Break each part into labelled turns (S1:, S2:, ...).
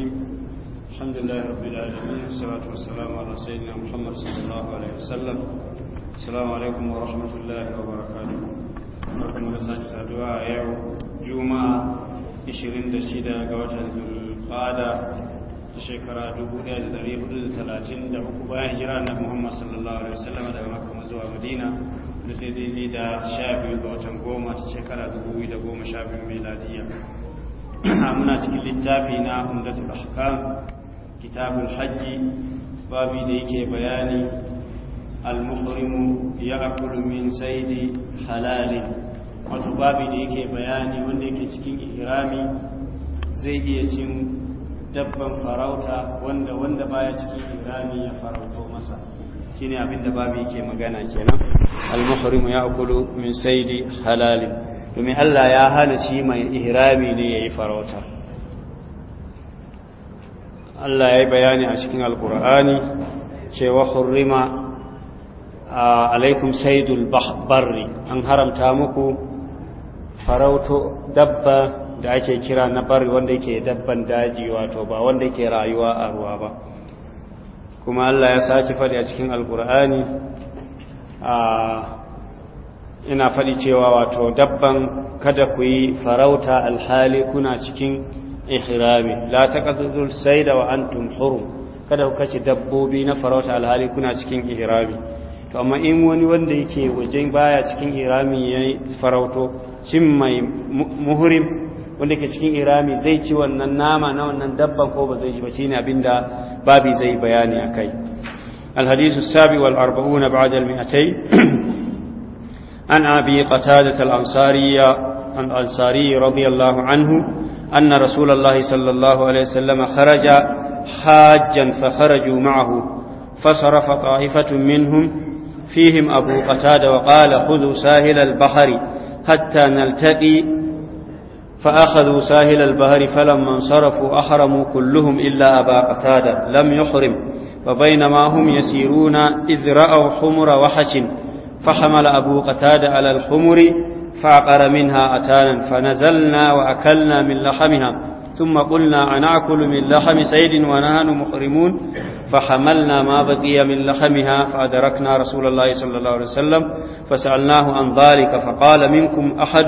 S1: الرحيم الحمد لله رب العالمين والصلاة والسلام على سيدنا محمد صلى الله عليه وسلم السلام عليكم ورحمة الله وبركاته da sake saduwa a yau juma'a 26 ga bayan jira na muhammad sallallahu alaihi wasallam daga zuwa madina da sai daidai da ga watan goma ta shekara 2012 muna cikin littafi na umdatul ahkam kitabul hajji babi da yake bayani al-muhrimu ya'kulu min saydi halalin wato babi da yake bayani wanda yake cikin ihrami zai iya cin dabban farauta wanda wanda baya cikin ihrami ya farauto masa shine abinda babi yake magana kenan al-muhrimu ya'kulu min saydi halalin. domin Allah ya hana shi mai ihrami ne yi farauta Allah ya yi bayani a cikin alkur'ani cewa hurrima alaikum saidul barri an haramta muku farauto dabba da ake kira na bari wanda yake dabban daji wato ba wanda yake rayuwa a ruwa ba kuma Allah ya saki faɗi a cikin alkur'ani a
S2: ina faɗi cewa wato dabban kada ku yi farauta alhali
S1: kuna cikin ihrami la taqatul sayda wa antum hurum kada ku kace dabbobi na farauta alhali kuna cikin ihrami to amma in wani wanda yake wajen baya cikin ihrami ya farauto shin mai muhrim wanda yake cikin ihrami zai ci wannan nama na wannan dabban ko ba zai ci ba shine abinda babi zai bayani akai الحديث السابع والأربعون بعد المئتين عن أبي قتادة الأنصاري الأنصاري رضي الله عنه أن رسول الله صلى الله عليه وسلم خرج حاجا فخرجوا معه فصرف طائفة منهم فيهم أبو قتادة وقال خذوا ساهل البحر حتى نلتقي فأخذوا ساهل البحر فلما انصرفوا أحرموا كلهم إلا أبا قتادة لم يحرم وبينما هم يسيرون إذ رأوا حمر وحش فحمل أبو قتادة على الخمر فعقر منها أتانا فنزلنا وأكلنا من لحمها ثم قلنا أنأكل من لحم سيد ونحن محرمون فحملنا ما بقي من لحمها فأدركنا رسول الله صلى الله عليه وسلم فسألناه عن ذلك فقال منكم أحد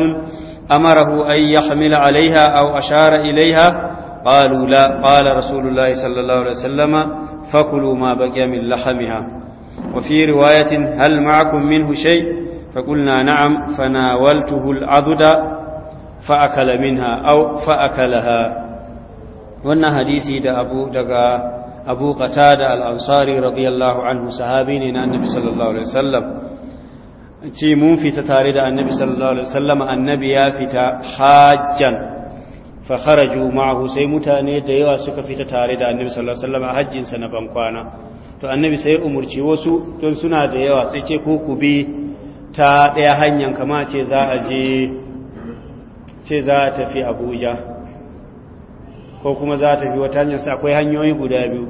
S1: أمره أن يحمل عليها أو أشار إليها قالوا لا قال رسول الله صلى الله عليه وسلم فكلوا ما بقي من لحمها وفي رواية هل معكم منه شيء فقلنا نعم فناولته العضد فأكل منها أو فأكلها wannan hadisi da abu daga abu qatada al-ansari radiyallahu anhu sahabi ne na annabi sallallahu alaihi mun fita tare da annabi sallallahu annabi ya fita hajan fa kharaju ma'ahu sai mutane da yawa suka fita tare da annabi sallallahu a na bankwana to annabi sai umurci wasu don suna da yawa sai ce ko ku bi ta ɗaya hanyar kama ce za a je ce za a tafi abuja ko kuma za a tafi wata hanyar sai akwai hanyoyi guda biyu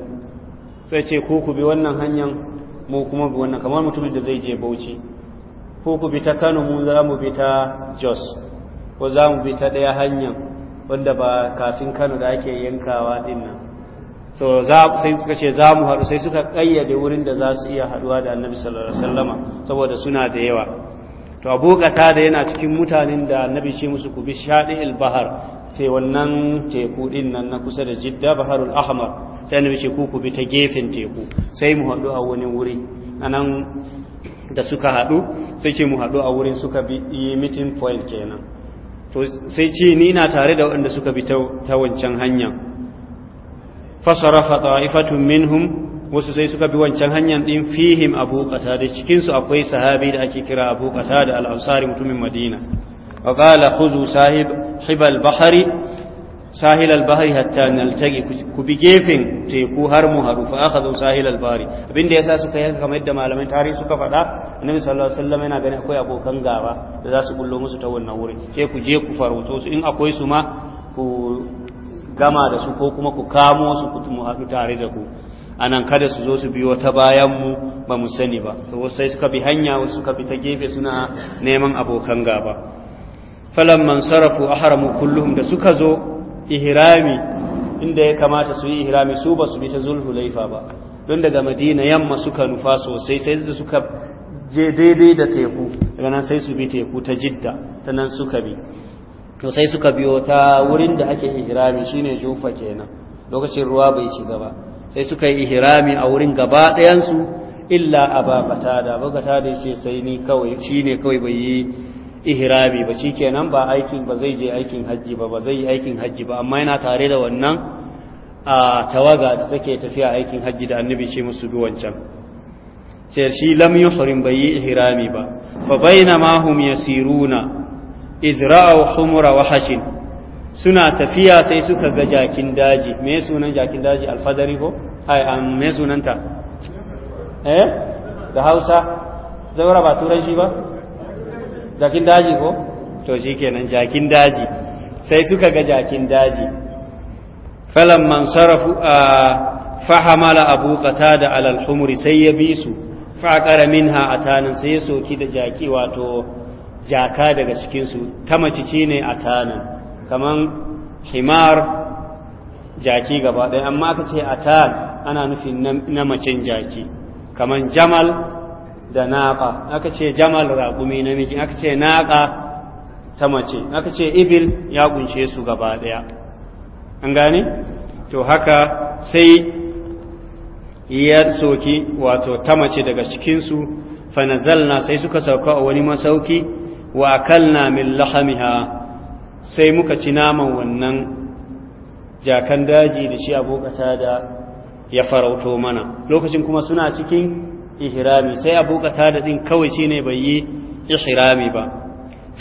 S1: sai ce ko ku bi wannan hanyar mu kuma bi wannan kamar mutumin da zai je bauchi ko ku bi ta kano mu za mu bi ta jos ko za mu bi ta ɗaya hanyar wanda ba kafin kano da ake yankawa dinnan so sai suka ce za mu haɗu sai suka ƙayyade wurin da za su iya haɗuwa da annabi sallallahu alaihi wasallam saboda suna da yawa to abu da yana cikin mutanen da annabi ce musu ku bi shadi al-bahar ce wannan teku din nan na kusa da jidda baharul ahmar sai annabi ce ku ku bi ta gefen teku sai mu haɗu a wani wuri anan da suka haɗu sai ce mu haɗu a wurin suka bi meeting point kenan to sai ce ni na tare da waɗanda suka bi ta wancan hanyar. fasarafa ta'ifatun minhum wasu sai suka bi wancan hanyar din fihim abu da cikin su akwai sahabi da ake kira abu da al-ansari mutumin madina wa qala khuzu sahib hibal bahri sahil al-bahri hatta naltaqi ku bi gefen teku har mu haru fa akhadhu sahil al-bahri abinda yasa suka yi kamar yadda malamai tarihi suka faɗa annabi sallallahu alaihi wasallam yana ganin akwai abokan gaba da za su bullo musu ta wannan wuri sai ku je ku farauto su in akwai su ma ku gama da su ko kuma ku kamo su ku tumu haɗu tare da ku anan kada su zo su bi wata bayanmu ba mu sani ba to sai suka bi hanya wasu suka bi ta gefe suna neman abokan gaba falamman sarafu ahramu kulluhum da suka zo ihrami inda ya kamata su yi ihrami su ba su bi ta zulhulaifa ba don daga madina yamma suka nufa sosai sai da suka je daidai da teku daga nan sai su bi teku ta jidda ta nan suka bi to sai suka biyo ta wurin da ake ihrami shine jufa kenan lokacin ruwa bai shiga ba sai suka yi ihrami a wurin gaba ɗayansu illa aba batada ba da yace sai ni kawai shine kawai bai yi ihrami ba shikenan ba aikin ba zai je aikin hajji ba ba zai yi aikin hajji ba amma yana tare da wannan a tawaga da take tafiya aikin hajji da annabi ce musu bi wancan sai shi lam yuhrim bai yi ihrami ba fa bainama hum yasiruna idra'u humura wahashin suna tafiya sai suka ga jakin daji me sunan jakin daji alfadari ko ai me sunanta eh da Hausa zaura ba turanci ba jakin daji ko to shikenan jakin daji sai suka ga jakin daji falan man sarafu a fahamala abu qatada alal humuri sai ya bi su fa qara minha atanan sai ya soki da jaki wato jaka daga cikinsu ta mace ce ne a tanan kaman himar
S2: jaki gaba ɗaya amma aka ce a tan ana nufin na macen jaki
S1: kaman jamal da naƙa aka ce jamal raƙumi namiji aka ce naƙa ta mace aka ce ibil ya ƙunshe su gaba ɗaya an gane to haka sai ya soki wato ta mace daga cikinsu fanazalna sai suka sauka a wani masauki wa akalna min lahamiha sai muka ci naman wannan jakan daji da shi abokata da ya farauto mana lokacin kuma suna cikin ihrami sai abokata da din kawai shine bai yi ihrami ba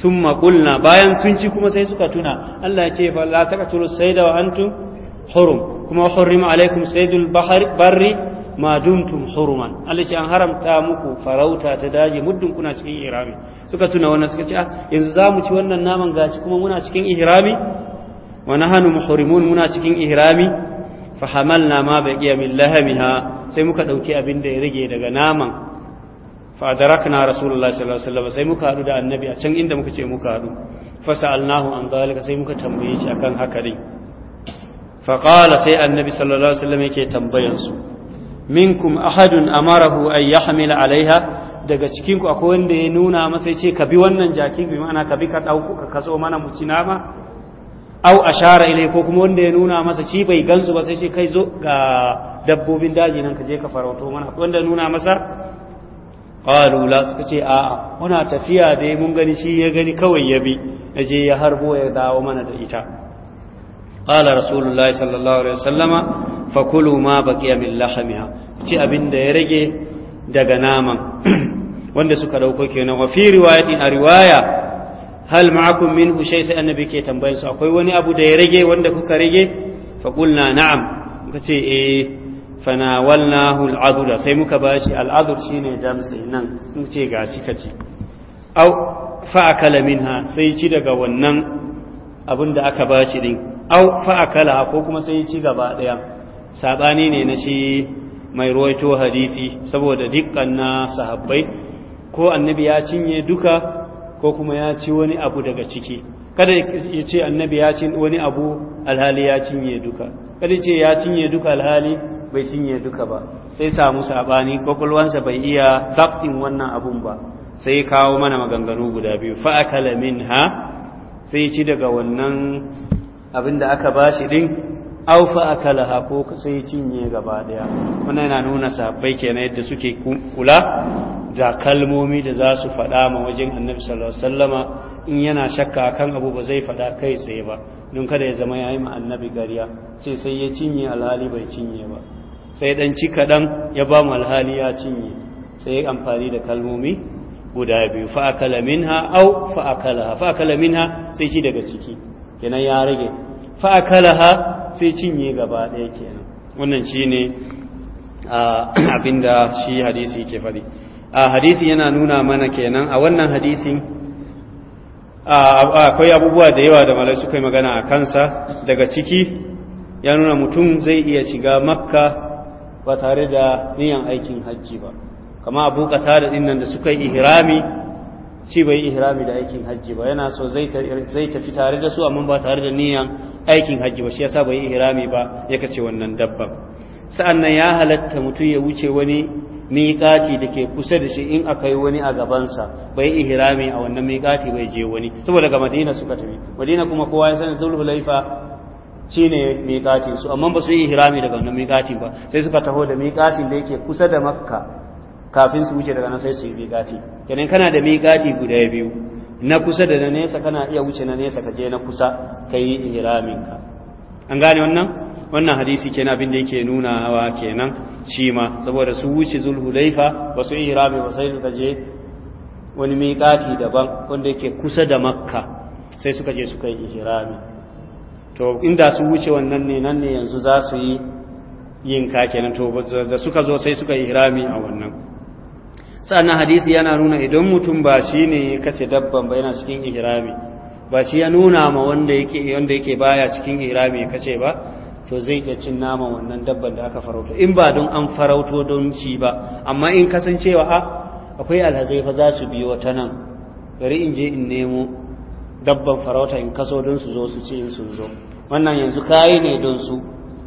S1: thumma qulna bayan sun ci kuma sai suka tuna Allah ya ce fa la taqtulu sayda wa antum hurum kuma hurrima alaikum saidul barri ma dumtum huruman Allah ce an haramta muku farauta ta daji muddin kuna cikin ihrami suka tuna wannan suka ce ah, yanzu zamu ci wannan naman gashi kuma muna cikin ihrami wa nahanu muhrimun muna cikin ihrami fa hamalna ma baqiya min lahamiha sai muka dauki abin da ya rage daga naman fa darakna rasulullahi sallallahu alaihi wasallam sai muka hadu da annabi a can inda muka ce muka hadu fa sa'alnahu an zalika sai muka tambaye shi akan haka din fa qala sai annabi sallallahu alaihi wasallam yake tambayan su minkum ahadun amarahu an yahmila alaiha daga cikin ku akwai wanda ya nuna masa ya ce ka bi wannan jakin bi ma'ana ka bi ka dauko ka kaso mana mu ci nama au ashara ilai ko kuma wanda ya nuna masa shi bai gansu ba sai ce kai zo ga dabbobin daji nan ka je ka farauto mana wanda nuna masa qalu la suka ce a'a muna tafiya dai mun gani shi ya gani kawai ya bi ya je ya harbo ya dawo mana da ita qala rasulullahi sallallahu alaihi wasallama fakulu ma baqiya min lahamiha ci abin da ya rage daga naman wanda suka ɗauko kenan wa fi riwayatin a riwaya hal ma'akum min shay sai annabi ke tambayin su akwai wani abu da ya rage wanda kuka rage faqulna na'am muka ce eh fanawalnahu al'adura sai muka bashi al'adur shine damsi nan muka ce gashi kaci au fa'akala minha sai ci daga wannan abin da aka bashi din au fa'akala ko kuma sai ci gaba daya sabani ne na shi mai ruwaito hadisi saboda dukkan na sahabbai ko annabi ya cinye duka ko kuma ya ci wani abu daga ciki kada ya ce annabi ya ci wani abu alhali ya cinye duka kada ce ya cinye duka alhali bai cinye duka ba sai samu sabani kwakwalwansa bai iya daktin wannan abun ba sai kawo mana maganganu guda biyu fa'akala ha sai ci daga wannan abin da aka shi ɗin Au fa akalaha ko sai cinye gaba daya wannan yana nuna sahabbai kenan yadda suke kula da kalmomi da za su faɗa ma wajen annabi sallallahu alaihi wasallama in yana shakka kan abu ba zai faɗa kai tsaye ba don kada ya zama yayi ma annabi gariya sai sai ya cinye alhali bai cinye ba sai dan ci kadan ya ba mu alhali ya cinye sai amfani da kalmomi guda biyu fa akala minha au fa akalaha fa akala minha sai shi daga ciki kenan ya rage fa ha sai cinye gaba ɗaya kenan wannan shi abin abinda shi hadisi ke faɗi a hadisi yana nuna mana kenan a wannan hadisin akwai abubuwa da yawa da malai suka yi magana a kansa daga ciki ya nuna mutum zai iya shiga makka ba tare da niyan aikin hajji ba kama abu kata da dinnan da suka yi ihrami shi bai yi ihrami da aikin hajji ba yana so zai tafi tare da su amma ba tare da niyan aikin hajji ba shi yasa bai ihrami ba ya kace wannan dabban sa'annan ya halatta mutum ya wuce wani miƙati da ke kusa da shi in akai wani a gabansa bai ihrami a wannan miƙati bai je wani saboda ga madina suka tafi madina kuma kowa ya sani dhul hulaifa shi ne miƙatin su amma ba su yi ihrami daga wannan miƙatin ba sai suka taho da miƙatin da yake kusa da makka kafin su wuce daga nan sai su yi miƙati kenan kana da miƙati guda biyu na kusa da na nesa kana iya wuce na nesa ka je na kusa ka yi ihraminka an gane wannan wannan hadisi kenan abin da yake hawa kenan shi ma saboda su wuce zulhulaifa ba su ihrami ba sai suka je wani miƙati daban wanda yake kusa da makka sai suka je suka yi ihrami to inda su wuce wannan ne nan ne yanzu za su yi yin ka kenan to da suka zo sai suka yi ihrami a wannan sannan hadisi yana nuna idan mutum ba shi ne kace dabban ba yana cikin ihrami ba shi ya nuna ma wanda yake wanda yake baya cikin ihrami ya kace ba to zai iya cin nama wannan dabban da aka farauto in ba don an farauto don shi ba amma in kasancewa a ah, akwai alhazai fa za su biyo ta nan bari in je in nemo dabban farauta in kaso don su zo su ci in sun zo wannan yanzu kayi ne don su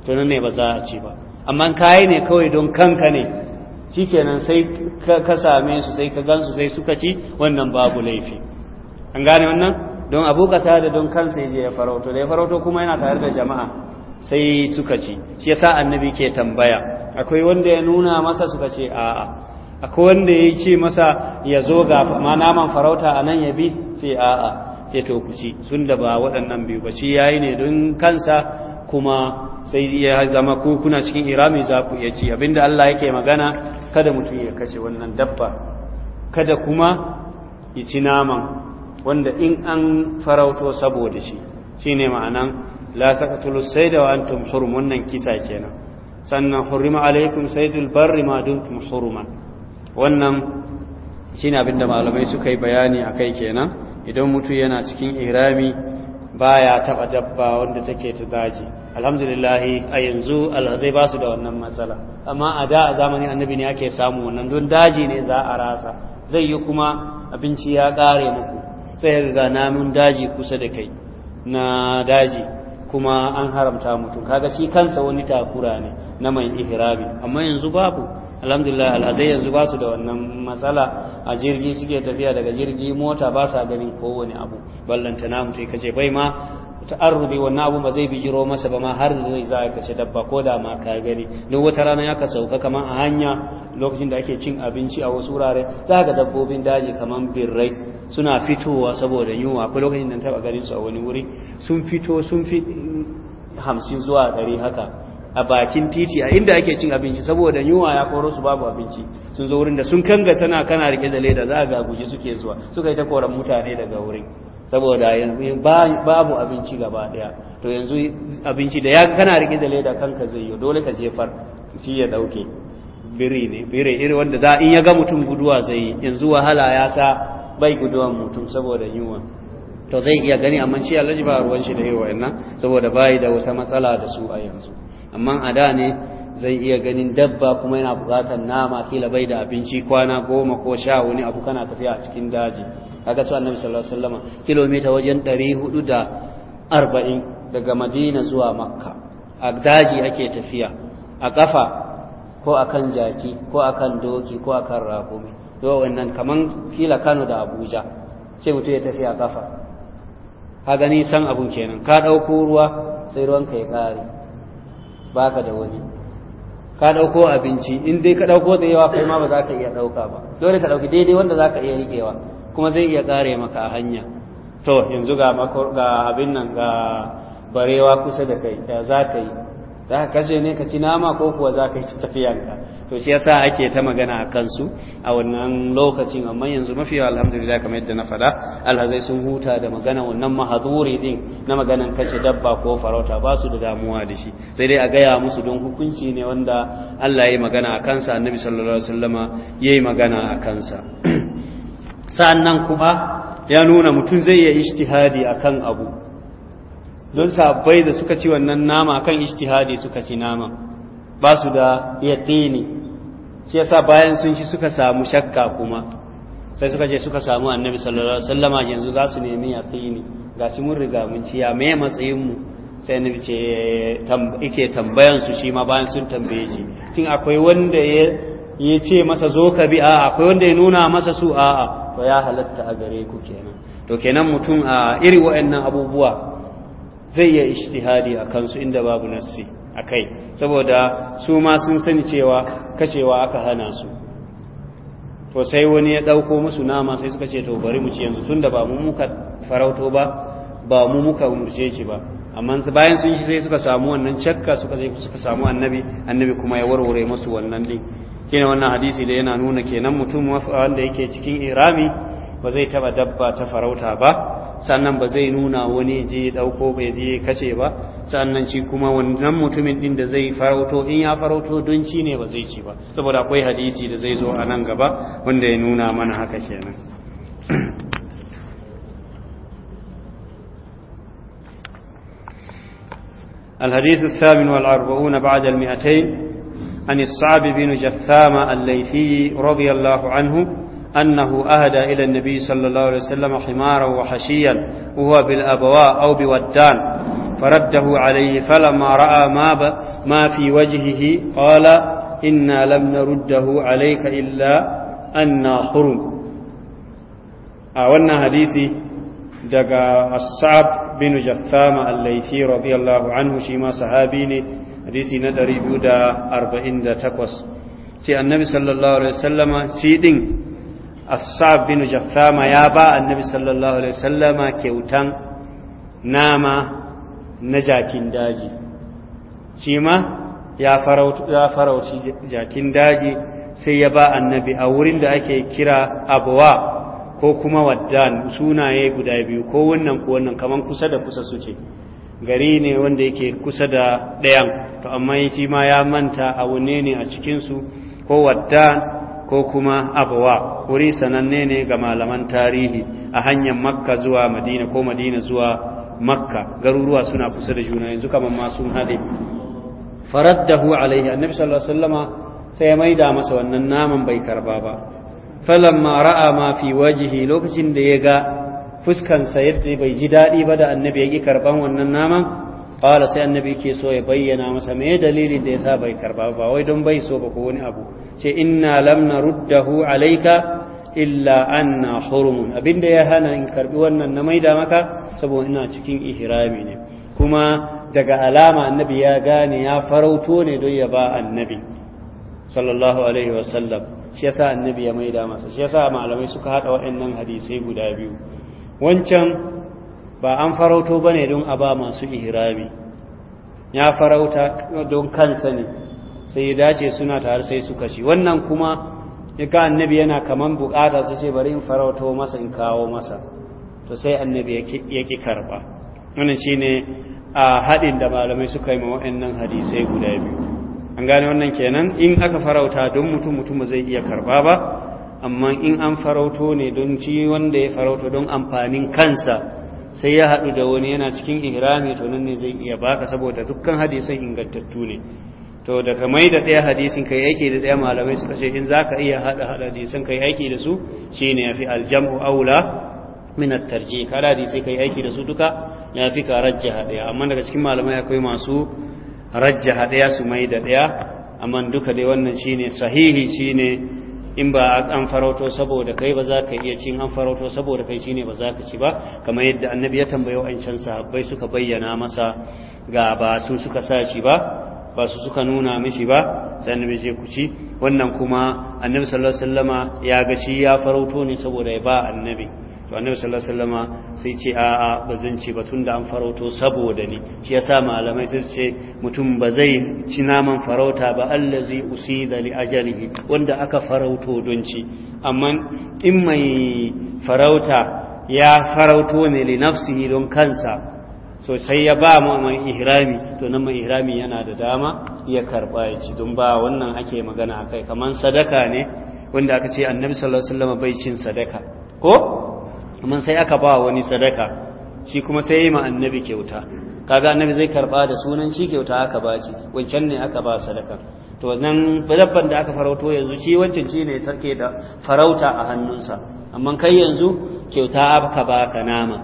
S1: to nan ne ba za a ci ba amma kayi ne kawai don kanka ne shikenan sai ka same su sai ka gansu sai suka ci wannan babu laifi an gane wannan don abu kasa da don kansa yaje ya farauto da ya farauto kuma yana tare da jama'a sai suka ci shi yasa annabi ke tambaya akwai wanda ya nuna masa suka ce a'a akwai wanda ya ce masa ya zo ga ma naman farauta a nan ya bi sai a'a ce to ku ci sun da ba waɗannan biyu ba shi yayi ne don kansa kuma sai ya zama ko kuna cikin irami za ku iya ci abinda Allah yake magana kada mutum ya kashe wannan dabba kada kuma ya ci naman wanda in an farauto saboda shi shine ma'anan la sai da wa antum hurum wannan kisa kenan sannan hurima alaikum sai barri ma dumtum huruman wannan shine abinda malamai suka yi bayani a kai kenan idan mutum yana cikin irami baya taɓa dabba wanda take ta daji alhamdulillahi a yanzu alhazai ba su da wannan matsala amma a da a zamanin annabi ne ake samu wannan don daji ne za a rasa zai yi kuma abinci ya ƙare muku sai ga namun daji kusa da kai na daji kuma an haramta mutum kaga shi kansa wani takura ne na mai ihrami amma yanzu babu alhamdulillah alhazai yanzu ba su da wannan matsala a jirgi suke tafiya daga jirgi mota ba sa ganin kowane abu ballanta namu tai kace bai ma ta'arrudi wannan abu ba zai bijiro masa ba ma har zai za a kashe dabba ko da ma ka gani duk wata rana ya ka sauka kaman a hanya lokacin da ake cin abinci a wasu wurare za ka dabbobin daji kaman birrai suna fitowa saboda yunwa akwai lokacin da ba ganin su a wani wuri sun fito sun fi hamsin zuwa ɗari haka a bakin titi a inda ake cin abinci saboda yunwa ya koro su babu abinci sun zo wurin da sun kanga sana kana rike da leda za a ga guje suke zuwa suka yi ta koran mutane daga wurin saboda babu abinci gaba daya to yanzu abinci da ya kana rike da leda kanka zai yi dole ka jefar shi ya dauke biri ne biri irin wanda za in ya ga mutum guduwa zai yi yanzu wahala ya sa bai guduwan mutum saboda yunwa to zai iya gani amma shi Allah ba ruwan shi da yawa nan saboda bai da wata matsala da su a yanzu amma a da ne zai iya ganin dabba kuma yana buƙatar nama kila bai da abinci kwana goma ko sha wani abu kana tafiya a cikin daji kaga su annabi sallallahu alaihi wasallam kilomita wajen 440 daga madina zuwa makka a daji ake tafiya a kafa ko akan jaki ko akan doki ko akan rakumi to wannan kaman kila Kano da Abuja ce mutum ya tafiya a kafa ka gani san abun kenan ka ɗauko ruwa sai ruwan ka ya kare baka da wani ka ɗauko abinci in dai ka ɗauko da yawa kai ma ba za ka iya ɗauka ba dole ka ɗauki daidai wanda za ka iya riƙewa kuma zai iya kare maka a hanya to yanzu ga abin nan ga barewa kusa da kai da za ka yi za ka kashe ne ka ci nama ko kuwa za ka ci tafiyanka to shi yasa ake ta magana a kansu a wannan lokacin amma yanzu mafi yawa alhamdulillah kamar yadda na faɗa alhazai sun huta da magana wannan mahazuri din na maganan kashe dabba ko farauta ba su da damuwa da shi sai dai a gaya musu don hukunci ne wanda Allah ya yi magana a kansa annabi sallallahu alaihi wasallama ya yi magana a kansa sa'annan kuma ya nuna mutum zai iya ijtihadi akan abu don sabai da suka ci wannan nama kan ijtihadi suka ci nama ba su da yaqini shi yasa bayan sun ci suka samu shakka kuma sai suka je suka samu annabi sallallahu alaihi wasallama yanzu za su nemi yaqini shi mun riga mun ci ya me matsayin mu sai annabi ce yake tambayan su shi ma bayan sun tambaye shi kin akwai wanda ya ya ce masa zo ka bi a'a akwai wanda ya nuna masa su a'a to ya halatta a gare ku kenan to kenan mutum a iri wa'annan abubuwa zai iya ishtihadi a kansu inda babu nassi a kai saboda su ma sun sani cewa kashewa aka hana su to sai wani ya dauko musu nama sai suka ce to bari mu ci yanzu tun ba mu muka farauto ba ba mu muka umurce shi ba amma bayan sun shi sai suka samu wannan cakka suka je suka samu annabi annabi kuma ya warware musu wannan din kina wannan hadisi da yana nuna kenan mutum wanda yake cikin irami ba zai taba dabba ta farauta ba sannan ba zai nuna wani je dauko bai je kashe ba sannan ci kuma wannan mutumin din da zai farauto in ya farauto don ci ne ba zai ci ba saboda akwai hadisi da zai zo a nan gaba wanda ya nuna mana haka kenan الحديث الثامن والأربعون بعد المئتين عن الصعب بن جثام الليثي رضي الله عنه أنه أهدى إلى النبي صلى الله عليه وسلم حمارا وحشيا وهو بالأبواء أو بودان فرده عليه فلما رأى ما, ب... ما في وجهه قال إنا لم نرده عليك إلا أنا حرم أولنا حديثي دقى الصعب بن جثام الليثي رضي الله عنه شيما صحابيني hadisi na 248 ce annabi sallallahu alaihi wasallama shi din assab bin jaffama ya ba annabi sallallahu alaihi wasallama kyautan nama na jakin daji shi ma ya farauci jakin daji sai ya ba annabi a wurin da ake kira abuwa ko kuma waddan sunaye guda biyu ko wannan ko wannan kaman kusa da kusa suke gari ne wanda yake kusa da ɗayan to amma shi ma ya manta a wune ne a cikinsu ko waddan ko kuma abuwa wuri sananne ne ga malaman tarihi a hanyar makka zuwa madina ko madina zuwa makka garuruwa suna kusa da juna yanzu kamar ma sun haɗe faraddahu alaihi annabi sallallahu alaihi wasallama sai ya maida masa wannan naman bai karba ba falamma ra'a ma fi wajihi, lokacin da ya ga fuskansa yadda bai ji daɗi ba da annabi ya ƙi karban wannan naman qala sai annabi ke so ya bayyana masa me dalilin da ya sa bai karba ba wai don bai so ba ko wani abu ce inna lam naruddahu alaika illa anna hurumun abinda ya hana in karbi wannan na maida maka saboda ina cikin ihrami ne kuma daga alama annabi ya gane ya farauto ne don ya ba annabi sallallahu alaihi wasallam shi yasa annabi ya maida masa shi yasa malamai suka hada waɗannan hadisai guda biyu wancan ba an farauto ne don a ba masu ihirami. ya farauta don kansa ne sai ya dace suna tare sai suka ci wannan kuma ya ga annabi yana kaman bukata su ce bari in farauto masa in kawo masa to sai annabi ya ki karba wannan shine a haɗin da malamai suka yi ma nan hadisai guda biyu an gane wannan kenan in aka farauta don mutum mutum zai iya karba ba amma in an farauto ne don ci wanda ya farauta don amfanin kansa sai ya haɗu da wani yana cikin ihrami to nan ne zai iya baka saboda dukkan hadisin ingantattu ne to da mai da ɗaya hadisin kai aiki da ɗaya malamai suka ce in zaka iya haɗa haɗa hadisan kai aiki da su shine yafi aljam'u aula min at-tarjih kada hadisi kai aiki da su duka yafi ka rajja haɗaya. amma daga cikin malamai akwai masu rajja haɗaya su mai da ɗaya amma duka dai wannan shine sahihi shine in ba an farauto saboda kai ba za ka iya cin an farauto saboda kai shine ba za ka ci ba kamar yadda annabi ya tambayo an can sahabbai suka bayyana masa ga ba su suka sa shi ba ba su suka nuna mishi ba sai annabi je ku ci wannan kuma annabi sallallahu alaihi wasallama ya ga shi ya farauto ne saboda ya ba annabi to annabi sallallahu alaihi wasallama sai ce a a bazan ce ba tunda an farauto saboda ni shi yasa malamai sai ce mutum ba zai ci naman farauta ba allazi usida li ajalihi wanda aka farauto don ci amma in mai farauta ya farauto ne li nafsihi don kansa so sai ya ba mu mai ihrami to nan mai ihrami yana da dama ya karba ya ci don ba wannan ake magana akai kamar sadaka ne wanda aka ce annabi sallallahu alaihi wasallama bai cin sadaka ko amma sai aka ba wani sadaka shi kuma sai yi ma annabi kyauta kaga annabi zai karba da sunan shi kyauta aka ba shi wancan ne aka ba sadaka to wannan dabban da aka farauto yanzu shi wancan shi ne take da farauta a hannunsa amma kai yanzu kyauta aka ba ka nama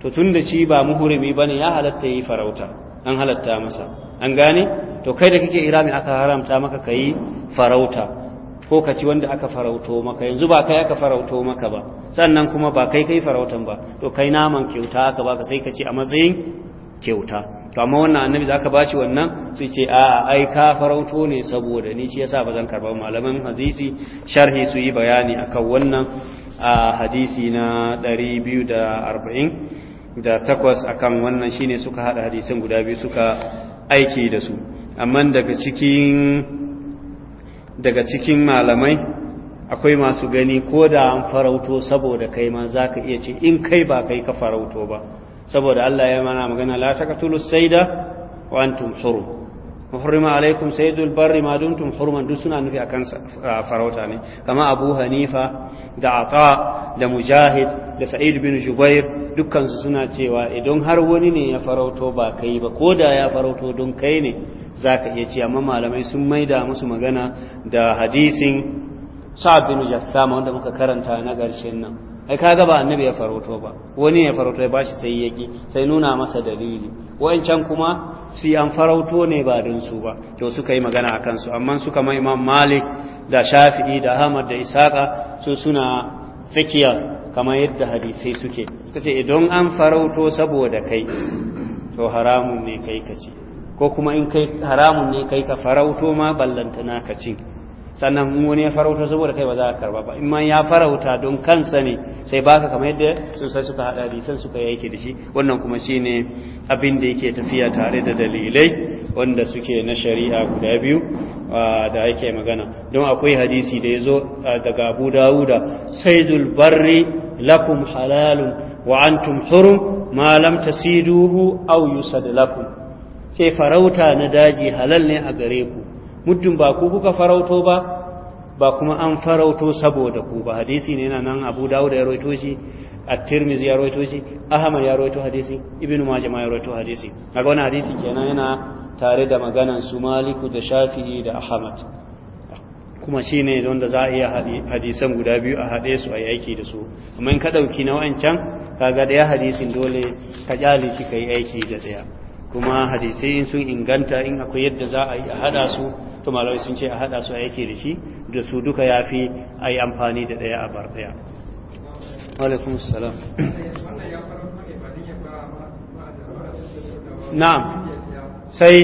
S1: to tun da shi ba muhurimi bane ya halatta yi farauta an halatta masa an gane to kai da kake irami aka haramta maka kayi farauta ko ka ci wanda aka farauto maka yanzu ba kai aka farauto maka ba sannan kuma ba kai kai farautan ba to kai naman kyauta aka baka sai ka ci a matsayin kyauta to amma wannan annabi za ka bashi wannan sai ce a ai ka farauto ne saboda ni shi yasa ba zan karba malaman hadisi sharhi su yi bayani akan wannan a hadisi na 240 da takwas akan wannan shine suka hada hadisin guda biyu suka aiki da su amma daga cikin daga cikin malamai akwai masu gani ko da an farauto saboda kai ma za ka iya ce in kai ba kai ka farauto ba saboda Allah ya mana magana la taqtulus sayda wa antum hurum hurrima alaikum sayyidul barri ma hurman duk suna nufi akan farauta ne kama abu hanifa da ata da mujahid da sa'id bin jubair dukkansu suna cewa idan har wani ne ya farauto ba kai ba ko da ya farauto don kai ne zaka iya ce amma malamai sun maida musu magana da hadisin sa'ad bin jassama wanda muka karanta na garshen nan ai kaga ba annabi ya farauto ba wani ya farauto ya bashi sai yaki sai nuna masa dalili wancan kuma su an farauto ne ba don su ba to suka yi magana a kansu amma suka ma imam malik da shafi'i da ahmad da isaka su suna tsakiya kamar yadda hadisai suke suka idan an farauto saboda kai to haramun ne kai ka ko kuma in kai haramun ne kai ka farauto ma ballantana ka sannan wani ya farauta saboda kai ba za ka karba ba in ya farauta don kansa ne sai baka kamar yadda sun sai suka hada hadisan suka yake da shi wannan kuma shine abin da yake tafiya tare da dalilai wanda suke na shari'a guda biyu da yake magana don akwai hadisi da yazo daga Abu Dawuda saidul barri lakum halalun wa antum hurum ma lam tasiduhu aw yusad lakum sai farauta na daji halal ne a gare ku muddin ba ku kuka farauto ba ba kuma an farauto saboda ku ba hadisi ne yana nan abu dawud ya rawaito shi at-tirmidhi ya rawaito shi ahmad ya rawaito hadisi ibnu majah ya rawaito hadisi kaga wannan hadisi kenan yana tare da maganan su maliku da shafi'i da ahmad kuma shi ne wanda za a iya hadisan guda biyu a haɗe su a aiki da su amma in ka ɗauki na wancan kaga ɗaya hadisin dole ka ƙyale shi ka yi aiki da daya kuma hadisai sun inganta in akwai yadda za a yi a hada su to malamai sun ce a hada su a yake da shi da su duka ya fi a yi amfani da daya a bar daya salam na'am sai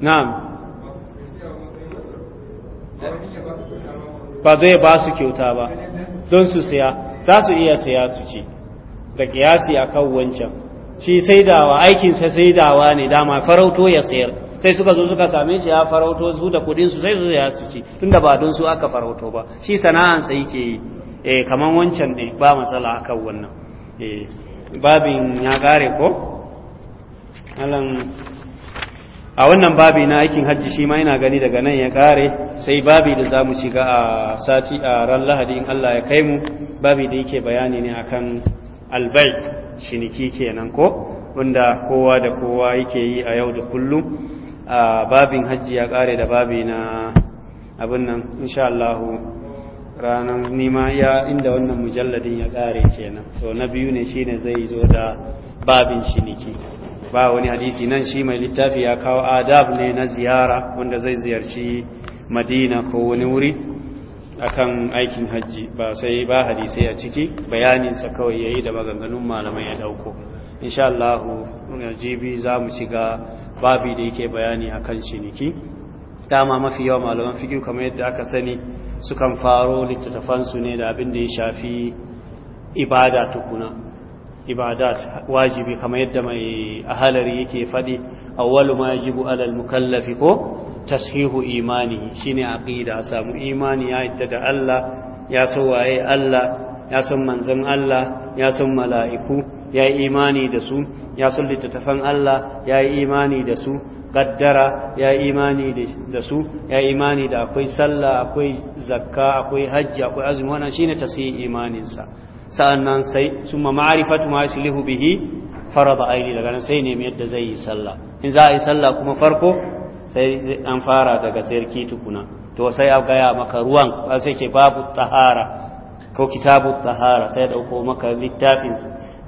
S1: na'am ba zai ba su kyauta ba don su siya za su iya siya su ci da kiyasi kan wancan shi saidawa aikin sa saidawa ne dama farauto ya sayar sai suka zo suka same shi ya farauto su da kudin su sai su ya su ci tunda ba don su aka farauto ba shi sana'an sa yake yi eh kaman wancan ne ba matsala akan wannan eh babin ya kare ko alan a wannan babi na aikin hajji shi ma yana gani daga nan ya kare sai babi da za shiga a sati a ran lahadi in Allah ya kai mu babi da yake bayani ne akan albai shiniki kenan ko wanda kowa da kowa yake yi a yau da kullum a babin hajji ya kare da babi na abin nan insha Allah ranar nima ya inda wannan mujalladin ya kare kenan to na biyu ne shine zai zo da babin shiniki ba wani hadisi nan shi mai littafi ya kawo adab ne na ziyara wanda zai ziyarci madina ko wani wuri akan aikin hajji ba sai ba hadisai a ciki bayaninsa kawai yayi da maganganun malamai ya dauko
S2: insha Allah jibi za mu
S1: shiga babi da yake bayani akan ciniki dama mafi yawa malaman fiqh kamar yadda aka sani sukan faro littattafansu su ne da abin da ya shafi ibada tukuna ibadat wajibi kamar yadda mai ahalari yake fadi awwalu ma yajibu alal mukallafi ko tashihu imani shine aqida samu imani ya yi da Allah ya san waye Allah ya san manzon Allah ya san mala'iku ya yi imani da su ya san littattafan Allah ya yi imani da su qaddara ya yi imani da su ya yi imani da akwai sallah akwai zakka akwai hajji akwai azumi wannan shine tashihi imaninsa sa'annan sai summa ma'arifatu ma yuslihu bihi farada aini daga nan sai ne yadda zai yi sallah in za a yi sallah kuma farko sai an fara daga sarki tukuna to sai a gaya maka ruwan sai ke babu tahara
S2: ko kitabu tahara sai dauko maka littafin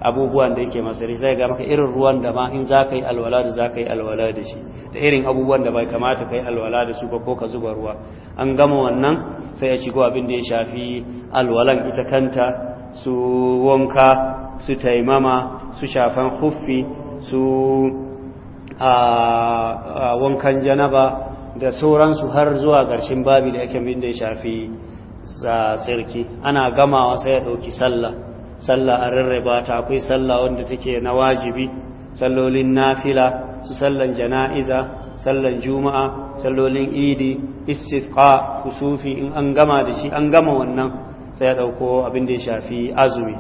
S2: abubuwan da yake masari sai ga maka irin ruwan da ma in zaka yi alwala da zaka yi alwala shi da irin abubuwan
S1: da bai kamata kai alwala da su ba ko ka zuba ruwa an gama wannan sai ya shigo abin da ya shafi alwalan ita kanta su wanka su taimama su shafan huffi su a wankan janaba da sauransu har zuwa ƙarshen babi da yake bin da ya shafi tsirki ana gamawa sai ya ɗauki sallah sallah a rarraba ta akwai sallah wanda take na wajibi sallolin nafila su sallan jana'iza sallan juma'a sallolin idi istifqa kusufi in an gama da shi an gama wannan sai ya ɗauko abin da ya shafi azumi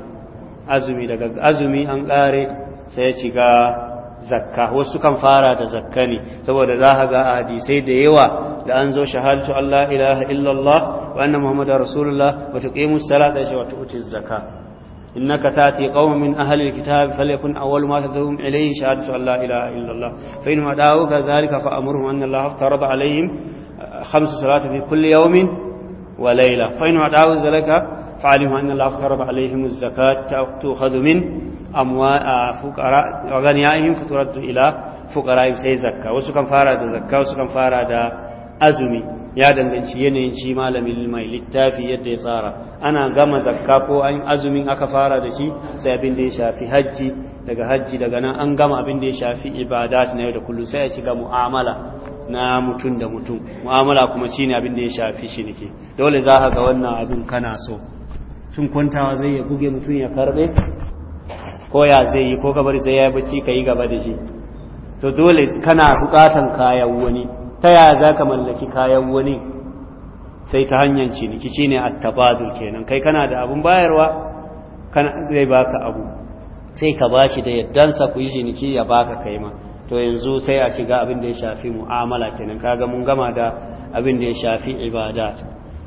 S1: azumi daga azumi an ƙare sai ya shiga zakka wasu kan fara da zakka ne saboda za ka ga a hadisai da yawa da an zo shahadatu Allah ilaha illallah wa anna muhammadar rasulullah wa tuqimu salata wa tu'tiz zakka innaka tati qauman min ahli alkitab falyakun awwal ma tad'um ilayhi shahadatu Allah ilaha illallah fa in ka zalika fa amruhum anna Allah aftarada alayhim khams salati fi kulli yawmin wa layla fa in mada'u fa alimu anna Allah aftarada alayhim az zakata tu'khadhu min ganiya'ihim fiturattu ila fuqara'ihim sai wasu kan fara da zakka wasu kan fara da azumi ya danganci yanayin shi malamin mai littafi yadda ya tsara ana gama zakka ko an azumin aka fara da shi sai abin da ya shafi hajji daga hajji daga nan an gama abin da ya shafi ibada na yau da kullum sai ya shiga mu'amala na mutum da mutum mu'amala kuma shine abin da ya shafi shi nake dole za ka ga wannan abin kana so tun kwantawa zai ya buge mutum ya karbe koya zai yi ko gabar zai sai ya bacci ka yi gaba da shi to dole kana bukatan kayan wani ta yaya za ka mallaki kayan wani sai ta hanyar ciniki shine attabadul kenan kai kana da abun bayarwa kana zai baka abu sai ka bashi da yaddansa ku yi ciniki ya baka kai ma to yanzu sai a shiga abin da ya shafi mu'amala kenan kaga mun gama da abin da ya shafi ibada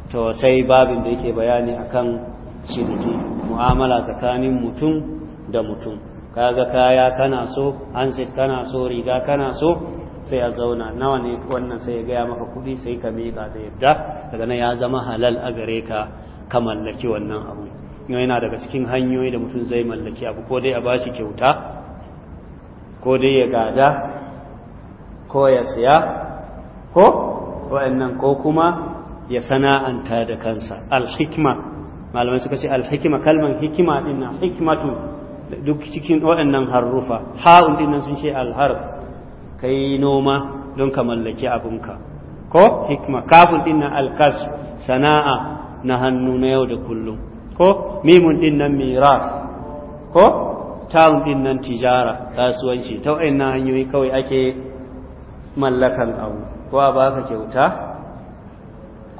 S1: to sai babin da yake bayani akan ciniki mu'amala tsakanin mutum da mutum kaga kaya kana so hansit kana so riga kana so sai ya zauna nawa ne wannan sai ya gaya maka kuɗi sai ka miƙa da yadda daga nan ya zama halal a gare ka ka mallaki wannan abu yana daga cikin hanyoyi da mutum zai mallaki abu ko dai a bashi kyauta ko dai ya gada ko ya siya ko wa'annan ko kuma ya sana'anta da kansa alhikma malamai suka ce alhikma kalman hikima din na hikmatu duk cikin waɗannan harufa ha'un dinnan sun ce alharf kai noma don ka mallaki abinka ko hikma kafin dinnan alkas sana'a na hannu na yau da kullum ko mimun dinnan mirar ko ta'un dinnan tijara kasuwanci ta waɗannan hanyoyi kawai ake mallakan abu ko a baka kyauta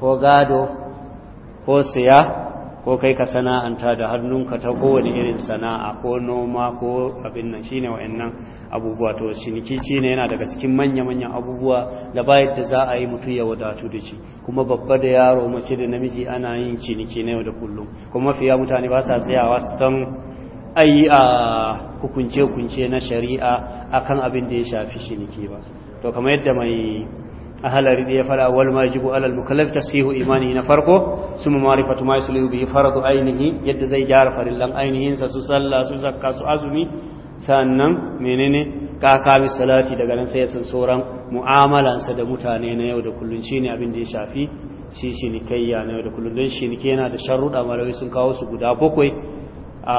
S1: ko gado ko siya ko kai ka sana'anta da hannunka ta kowane irin sana'a ko noma ko abin nan shine wayannan abubuwa to ciniki shine yana daga cikin manya-manyan abubuwa da ba da za a yi mutum ya wadatu da shi kuma babba da yaro mace da namiji ana yin ciniki na yau da kullum kuma mafiya mutane ba sa tsayawa san ayi a hukunce-hukunce na shari'a akan abin da ya shafi ciniki ba to kamar yadda mai ahalari da ya fada wal majibu alal mukallaf tasfihu imani na farko suma ma'rifatu ma yuslihu bihi faradu ainihi yadda zai gyara farillan ainihin sa su sallah su zakka su azumi sannan menene kakami salati daga nan sai ya san sauran mu'amalansa da mutane na yau da kullun ne abin da ya shafi shi shinikayya na yau da kullun don shinike yana da sharuɗa malawai sun kawo su guda bakwai a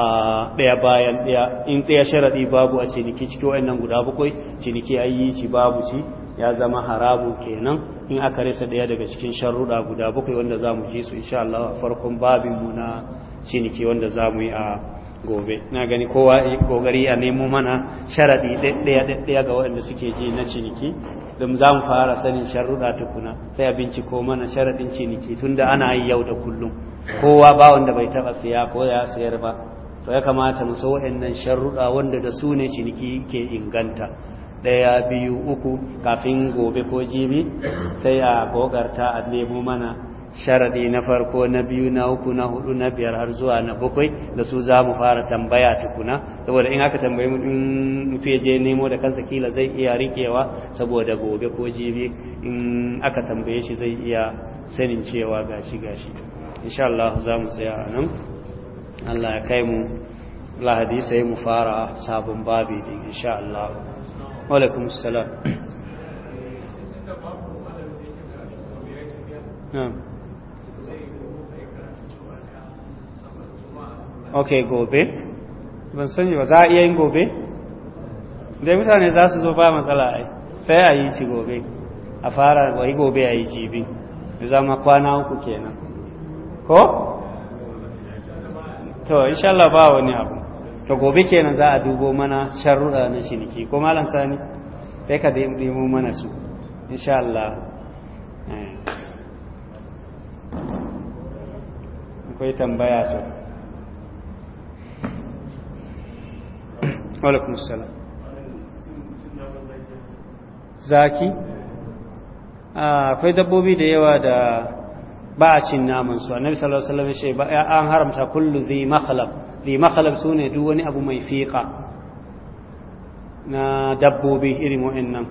S1: ɗaya bayan ɗaya in ɗaya sharaɗi babu a ciniki cikin wa'annan guda bakwai ciniki ayi shi babu shi ya zama harabu kenan in aka rasa daya daga cikin sharuɗa guda bakwai wanda za mu ji su insha Allah farkon babin mu na ciniki wanda za mu yi a gobe na gani kowa kokari a nemo mana sharaɗi ɗaya-ɗaya ga waɗanda suke ji na ciniki dan za mu fara sanin sharuɗa tukuna sai abinci binciko mana sharaɗin ciniki tunda ana yi yau da kullum kowa ba wanda bai taba siya ko ya sayar ba to ya kamata mu so waɗannan sharuɗa wanda da su ne ciniki ke inganta daya biyu uku kafin gobe ko jibi sai a gogarta a nemo mana sharaɗi na farko na biyu na uku na hudu na biyar har zuwa na bakwai da su za mu fara tambaya tukuna saboda in aka tambayi mu in mutu ya je nemo da kansa kila zai iya rikewa saboda gobe ko jibi in aka tambaye shi zai iya sanin cewa gashi gashi insha Allah za mu tsaya a nan Allah ya kai mu lahadi sai mu fara sabon babi din insha Allah alaikum salam ok gobe ban sani ba za a iya yin gobe dai mutane za su zo ba matsala ai sai a yi ci gobe a fara wai gobe a yi jibi zama kwana uku kenan ko to inshallah ba wani abu to gobe kenan za a dubo mana sharruɗa na shiniki ko malam sani sai ka nemo mana su insha Allah eh. akwai tambaya to alaikum salam zaki ah, akwai dabbobi da yawa da ba a cin namansu. su annabi sallallahu alaihi wasallam ya ce an haramta kullu zai makhlab li su sune duk wani abu mai fiƙa na dabbobi irin wa'annan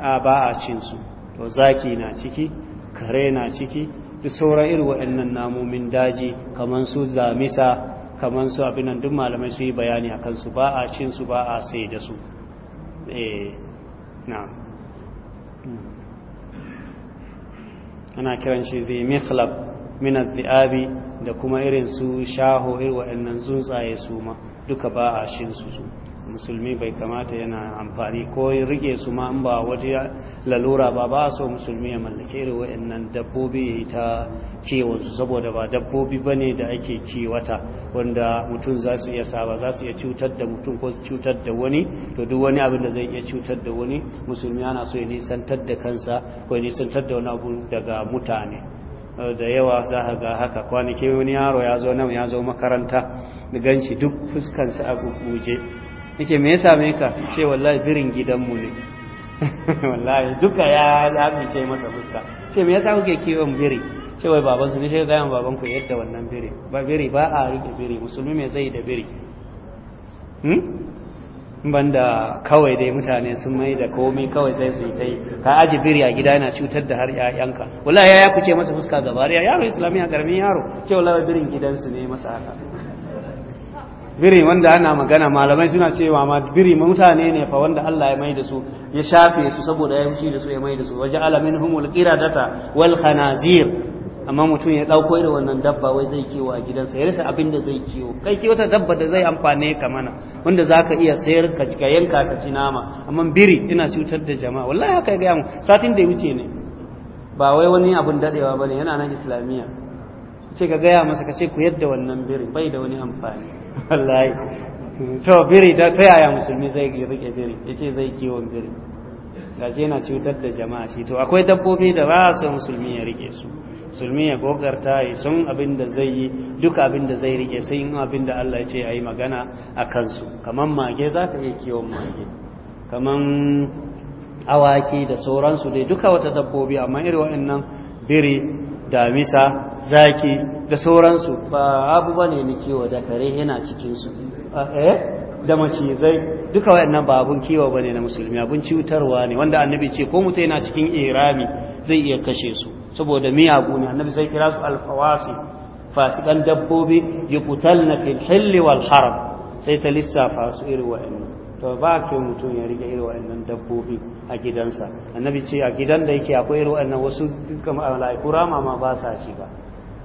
S1: a ba a cin su to zaki na ciki kare na ciki duk sauran irin wa'annan namomin daji kaman su zamisa kaman su abinan duk malamai su yi bayani a kansu ba a cin su ba a sai da su eh, hmm. ana kiran shi zai mikhlab min al da kuma irin su shaho irin waɗannan tsuntsaye su ma duka ba a shin su su musulmi bai kamata yana amfani ko rike su ma an ba waje lalura ba ba so musulmi ya mallake irin waɗannan dabbobi ya yi ta saboda ba dabbobi ba ne da ake kewata wanda mutum za su iya saba za su iya cutar da mutum ko cutar da wani to duk wani abin da zai iya cutar da wani musulmi ana so ya nisantar da kansa ko ya nisantar da wani abu daga mutane Eh, da yawa za a ga haka kwanaki wani yaro ya zo nan ya zo makaranta da ganci duk fuskansa a guguje nake me ya me ka ce wallahi birin gidanmu ne wallahi duka ya ce masa fuska ce me yasa kuke kiwon biri ce wai baban su ne sai ga baban ku yadda wannan biri ba biri ba a rike biri musulmi me zai da biri hmm banda kawai dai mutane sun mai da komai kawai sai su yi ta yi ka aji biri a gida yana cutar da har yayanka wallahi ya kuce masa fuska gaba ya yaro islamiya karamin yaro ce wallahi birin gidansu ne masa haka biri wanda ana magana malamai suna cewa ma biri mutane ne fa wanda Allah ya mai da su ya shafe su saboda ya fushi da su ya mai da su waje alamin humul qiradata wal khanazir amma mutum ya ɗauko da wannan dabba wai zai kiwo a gidansa ya rasa abin da zai kiwo kai ki wata dabba da zai amfane ka mana wanda za ka iya sayar ka cika yanka ka ci nama amma biri ina cutar da jama'a wallahi haka ya gaya mu satin da ya wuce ne ba wai wani abin daɗewa ba ne yana nan islamiyya ce ka gaya masa ka ce ku yadda wannan biri bai da wani amfani wallahi to biri da ta yaya musulmi zai rike biri ya ce zai kiwon biri gaje yana cutar da jama'a shi to akwai dabbobi da ba su musulmi ya rike su musulmi ya gogarta yi sun abin da zai yi duka abin da zai rike sai yin abin da Allah ce a yi magana a kansu kamar mage za ka iya kiwon mage kamar awaki da sauransu dai duka wata dabbobi amma iri waɗannan biri damisa zaki da sauransu ba abu ba ne na kiwo da kare yana cikinsu eh, eh, da macizai duka waɗannan ba abun kiwo ba ne na musulmi abun ciwutarwa ne wanda annabi ce ko mutum yana cikin irami zai iya kashe su saboda miyagu ne annabi sai kira su alfawasi fasikan dabbobi yuqtalna fil hilli wal haram sai ta lissafa su wa wa'annan to ba ke mutum ya rike wa wa'annan dabbobi a gidansa annabi ce a gidan da yake akwai irin wa'annan wasu dukkan mala'iku rama ma ba sa shi ba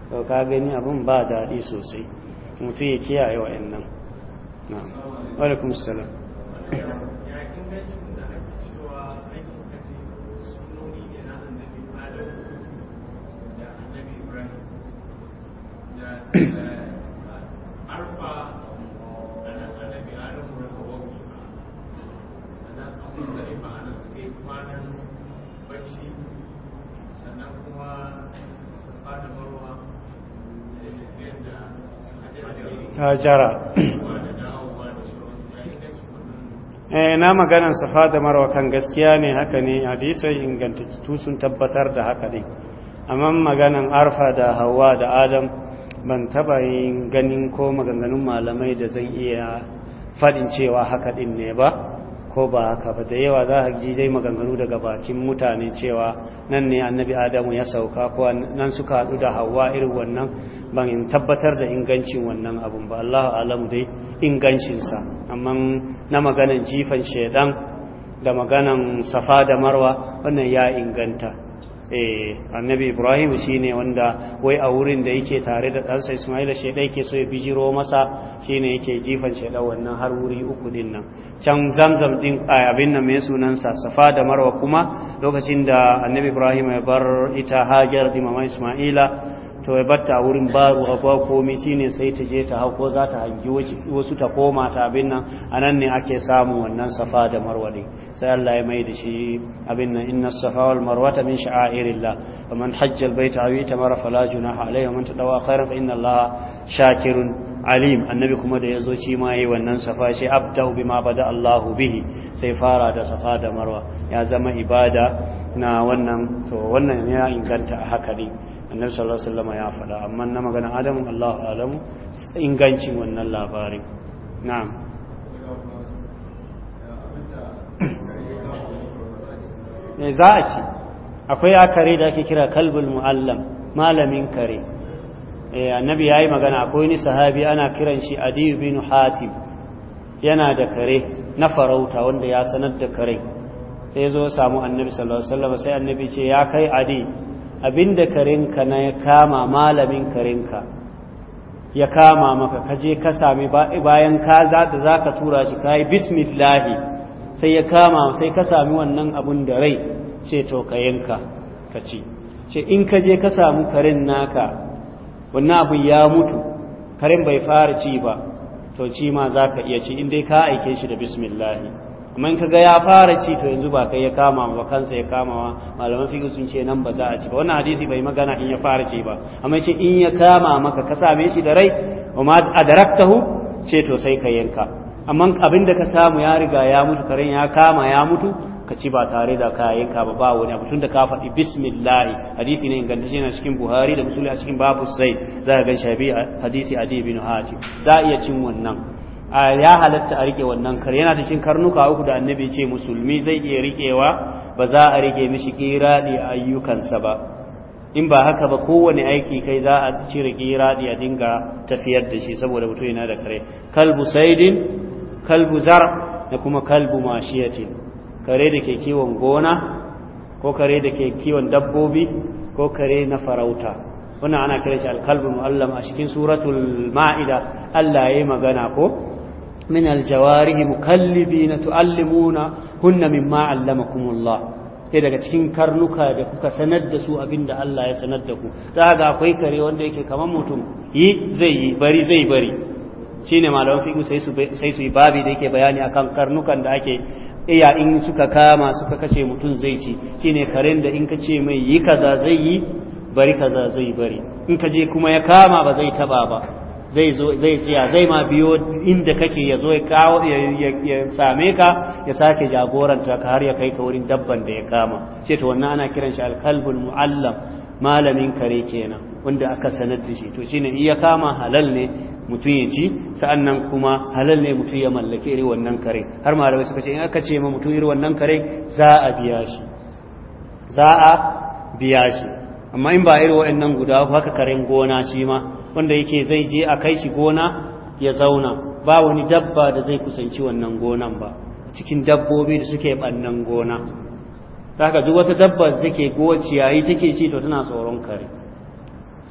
S1: to ka gani abin ba daɗi sosai mutum ya kiyaye wa'annan na'am wa alaikum salam eh na maganan safa da marwa kan gaskiya ne haka ne hadisai ingantattu sun tabbatar da haka ne amma maganan arfa da hawa da adam ban taba yin ganin ko maganganun malamai da zan iya faɗin cewa haka din ne ba ko ba haka ba da yawa za a ji dai maganganu daga bakin mutane cewa nan ne annabi adamu ya sauka ko nan suka haɗu da hawa irin wannan ban in tabbatar da ingancin wannan abun ba Allah alamu dai ingancinsa amma na maganan jifan shaidan da maganan safa da marwa wannan ya inganta eh annabi ibrahim shine wanda wai a wurin da yake tare da ɗansa ismaila shaidai yake so ya bijiro masa shine yake jifan shaidai wannan har wuri uku din nan can zamzam din abin nan mai sunan safa da marwa kuma lokacin da annabi ibrahim ya bar ita hajar mama ismaila ta ya a wurin baru a ba komai ne sai ta je ta hako za ta hangi wasu ta koma ta abin nan nan ne ake samu wannan safa da marwa sai Allah ya mai da shi abin nan inna safa wal marwata min sha'airillah wa man hajja baita bayta aw mara fala junaha alayhi wa man tadawa khairan fa inna Allah shakirun alim annabi kuma da yazo shi ma yayi wannan safa shi abda'u bima bada Allahu bihi sai fara da safa da marwa ya zama ibada na wannan to wannan ya inganta a haka ne annabi sallallahu alaihi wasallam ya faɗa amma na magana adamu Allahu alamu ingancin wannan labarin na'am ne za a ci akwai akare da ake kira kalbul mu'allam malamin kare Eh, annabi ya yi magana akwai ni sahabi ana kiran shi adi bin hatim yana da kare na farauta wanda ya sanar da kare sai zo samu annabi sallallahu alaihi wasallam sai annabi ce ya kai adi abinda karenka na ya kama malamin karenka ya kama maka ka je ka sami bayan ka za ka tura shi kai bismillah sai ya kama sai ka sami wannan abun da rai ce to ka yanka ka ci ce in ka je ka samu karen naka wannan abin ya mutu karin bai fara ci ba to ci ma za ka iya ci inda ka aike shi da bismillahi amma in kaga ya fara ci to yanzu ba kai ya kama ba kansa ya kama kamawa malaman fiqh sun ce nan ba za a ci ba wannan hadisi bai magana in ya fara ci ba amma shi in ya kama maka ka same shi da rai wa ma adraktahu ce to sai ka yanka amma abin da ka samu ya riga ya mutu karen ya kama ya mutu ka ci ba tare da ka yanka ba ba wani abu tun da ka faɗi bismillah hadisi ne ingantacce yana cikin buhari da musulmi a cikin babu sai za ka gan shabi hadisi adi bin hatim za iya cin wannan ya halatta a rike wannan kar yana da cikin karnuka uku da annabi ce musulmi zai iya rikewa ba za a rike mishi kiradi a ayyukansa ba in ba haka ba kowane aiki kai za a cire kiradi a dinga tafiyar da shi saboda mutum yana da kare kalbu saidin kalbu zar da kuma kalbu mashiyatin kare da ke kiwon gona ko kare da ke kiwon dabbobi ko kare na farauta wannan ana kira shi alkalbin mu'allam a cikin suratul ma'ida Allah ya yi magana ko min aljawarihi na tu'allimuna hunna mimma allamakumullah sai daga cikin karnuka da kuka sanar da su abinda Allah ya sanar da ku za ga akwai kare wanda yake kamar mutum yi zai yi bari zai bari shine malaman fiqh sai su sai su yi babi da yake bayani akan karnukan da ake iya in suka kama suka kashe mutum zai ci shine karen da in ka ce mai yi kaza zai yi bari kaza zai bari in ka je kuma ya kama ba zai taba ba zai zo zai tsaya zai ma biyo inda kake ya zo ya kawo ya same ka ya sake jagoranta ka har ya kai ka wurin dabban da ya kama ce to wannan ana kiran shi alkalbul muallam malamin kare kenan wanda aka sanar da shi to shine in ya kama halal ne mutum ya ci nan kuma halal ne mutum ya mallaki iri wannan kare har malamai suka ce in aka ce ma mutum iri wannan kare za a biya shi za a biya shi amma in ba iri nan guda haka karen gona shi ma wanda yake zai je a kai shi gona ya zauna ba wani dabba da zai kusanci wannan gonan ba cikin dabbobi da suke ɓannan gona ta haka duk wata dabba da take ciyayi take ci to tana tsoron kare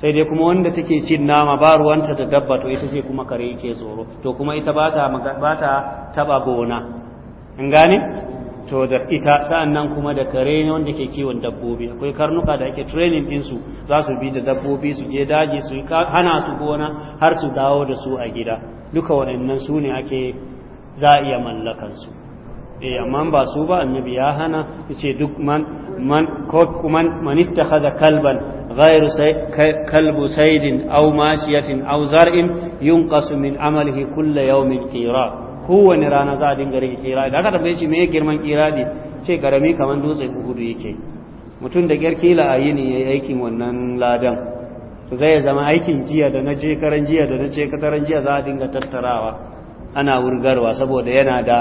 S1: sai dai kuma wanda take cin nama ba ruwanta da dabba to ita ce kuma kare yake tsoro to kuma ita ba ta ba ta taba gona in gane to da ita sa'annan kuma da kare ne wanda ke kiwon dabbobi akwai karnuka da ake training din su za su bi da dabbobi su je daji su hana su gona har su dawo da su a gida duka waɗannan su ne ake za a iya mallakan eh amma ba su ba annabi ya hana yace duk man man ko kuma man ittakhadha kalban ghayru kalbu saydin aw mashiyatin aw zar'in yunqasu min amalihi kullu yawmin qira kowane rana za a dinga rage kira da aka tambaye shi me girman kira ne ce garami kaman dutse uhudu yake mutum da kyar kila a yi ne yayi aikin wannan ladan to zai zama aikin jiya da na je karan jiya da na je jiya za a dinga tattarawa ana wurgarwa saboda yana da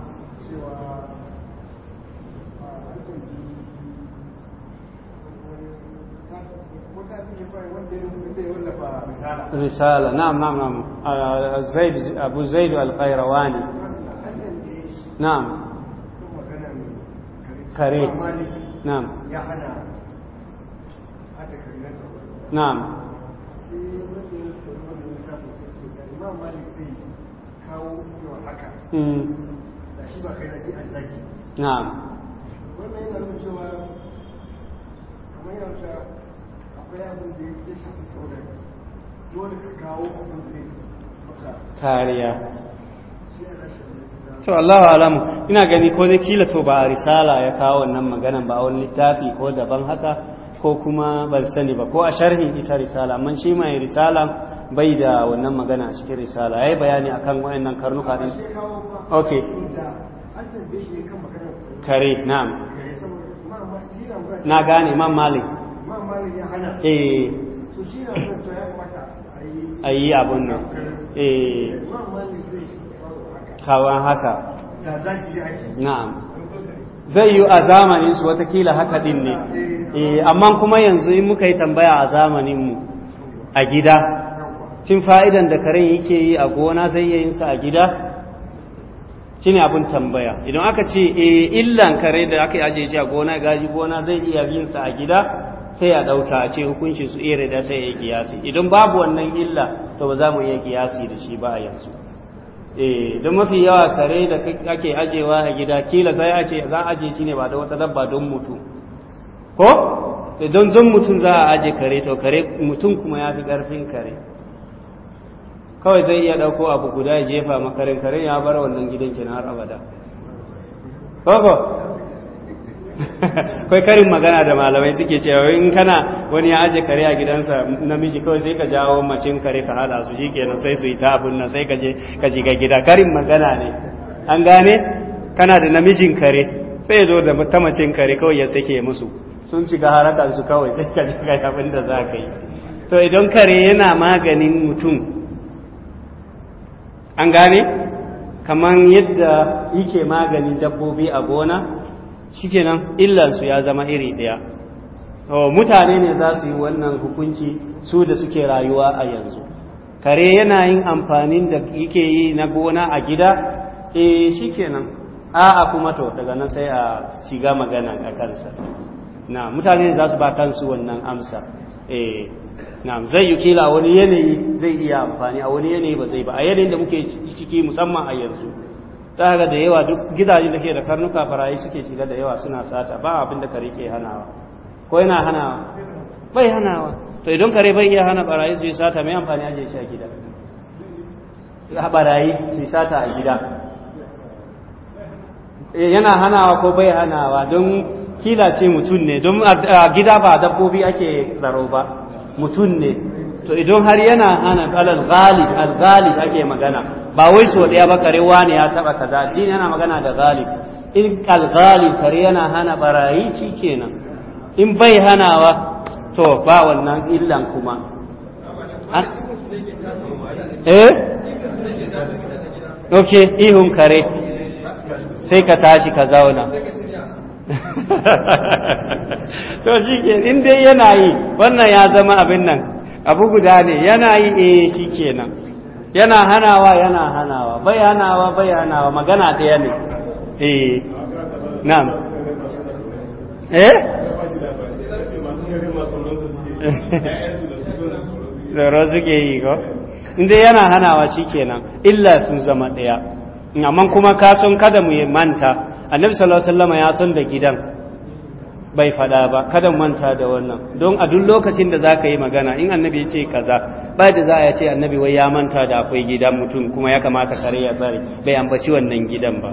S1: رسالة نعم نعم نعم زيد أبو زيد القيرواني نعم
S2: قريب نعم
S1: نعم نعم wannan dole ka kariya to Allahu alamu ina gani ko ne kila to ba risala ya kawo wannan magana ba a wani littafi ko daban haka ko kuma ban sani ba ko a sharhi ita risala amma shi mai risala bai da wannan magana a cikin risala yayi bayani akan wayannan karnuka din okay kare na'am na gane imam malik imam eh. a yi abin nan eh kawan haka na'am zai yi a zamanin su watakila haka din ne eh, amma kuma yanzu in muka yi tambaya a zamanin mu a gida cin fa'idan da karen yake yi a gona zai iya yinsa a gida shine abin tambaya idan aka ce eh, illan kare da aka yaje shi a gona gaji gona zai iya yinsa a gida sai a ɗauka a ce hukunci su iya da sai ya kiyasi idan babu wannan illa to ba za mu iya kiyasi da shi ba a yanzu eh don mafi yawa kare da ake ajewa a gida kila sai a ce za a aje shi ne ba da wata dabba don mutum ko eh, don don mutum za a aje kare to kare mutum kuma ya fi ƙarfin kare kawai zai iya ɗauko abu guda ya jefa makarin kare ya bar wannan gidan kenan har abada ko kai karin magana da malamai suke cewa in kana wani ya aje kare a gidansa namiji kawai sai ka jawo macin kare ka hada su shikenan sai su yi ta abun nan sai ka je ka shiga gida karin magana ne an gane kana da namijin kare sai ya zo da ta macin kare kawai ya sake musu sun shiga haraka su kawai sai ka shiga abin da za ka yi to idan kare yana maganin mutum an gane kaman yadda yake maganin dabbobi a gona shi shikenan illansu ya zama iri ɗaya mutane ne za su yi wannan hukunci su da suke rayuwa a yanzu kare yana yin amfanin da yake yi na gona a gida e shikenan a'a kuma to daga nan sai a shiga magana a kansa na mutane za su ba kansu wannan amsa e na zai yi kila wani yanayi zai iya amfani a wani yanayi ba zai ba a yanayin da muke ciki musamman a yanzu tsara da yawa duk gidaje da ke da karnuka barayi suke shiga da yawa suna sata ba abin da kare ke hanawa ko yana hanawa bai hanawa to idan kare bai iya hana barayi su yi sata mai amfani ajiye shi a gida ya barayi su yi sata a gida eh, yana hanawa ko bai hanawa don kila ce mutum ne don a gida ba dabbobi ake tsaro ba mutum ne to idan har yana hana alal ghalib al ghalib ake magana ba wai so ɗaya ba kare wani ya taɓa kaza din yana magana da galib in kalgalib kare yana hana barayi shi kenan in bai hanawa to ba wannan illan kuma eh ok ihun kare sai ka tashi ka zauna to shi ke in dai yana yi wannan ya zama abin nan abu guda ne yana yi eh shi kenan yana hanawa yana hanawa bai hanawa bai hanawa magana ɗaya ne eh na'am eh tsoro suke yi ko inda yana hanawa shikenan illa sun zama ɗaya amma kuma ka sun kada mu manta annabi sallallahu alaihi wasallam ya san da gidan bai faɗa ba kada manta da wannan don a duk lokacin da zaka yi magana in annabi ya ce kaza ba da za a ce annabi wai ya manta da akwai gidan mutum kuma ya kamata kare ya tsare bai ambaci wannan gidan ba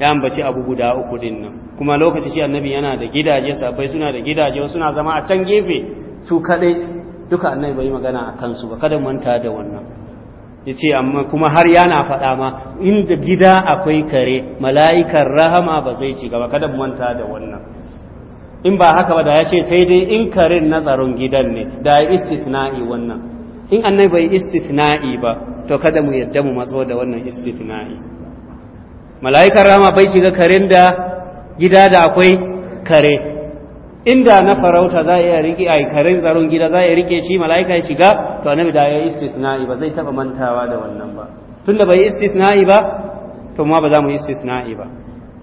S1: ya ambaci abu guda uku din nan kuma lokaci shi annabi yana da gidaje sabai suna da gidaje suna zama a can gefe su kaɗai duka annabi bai magana a kansu ba kada manta da wannan ya ce amma kuma har yana faɗa ma inda gida akwai kare mala'ikan rahama ba zai ci gaba kada manta da wannan in ba haka ba da ya ce sai dai in karin na tsaron gidan ne da ya istitna'i wannan in annai bai istitna'i ba to kada mu yadda mu matso da wannan istitna'i mala'ikar rama bai shiga karin da gida da akwai kare inda na farauta za a iya rike ai karin tsaron gida za a iya rike shi mala'ika ya shiga to annabi da ya istithna'i ba zai taba mantawa da wannan ba tunda bai istithna'i ba to ma ba za mu istithna'i ba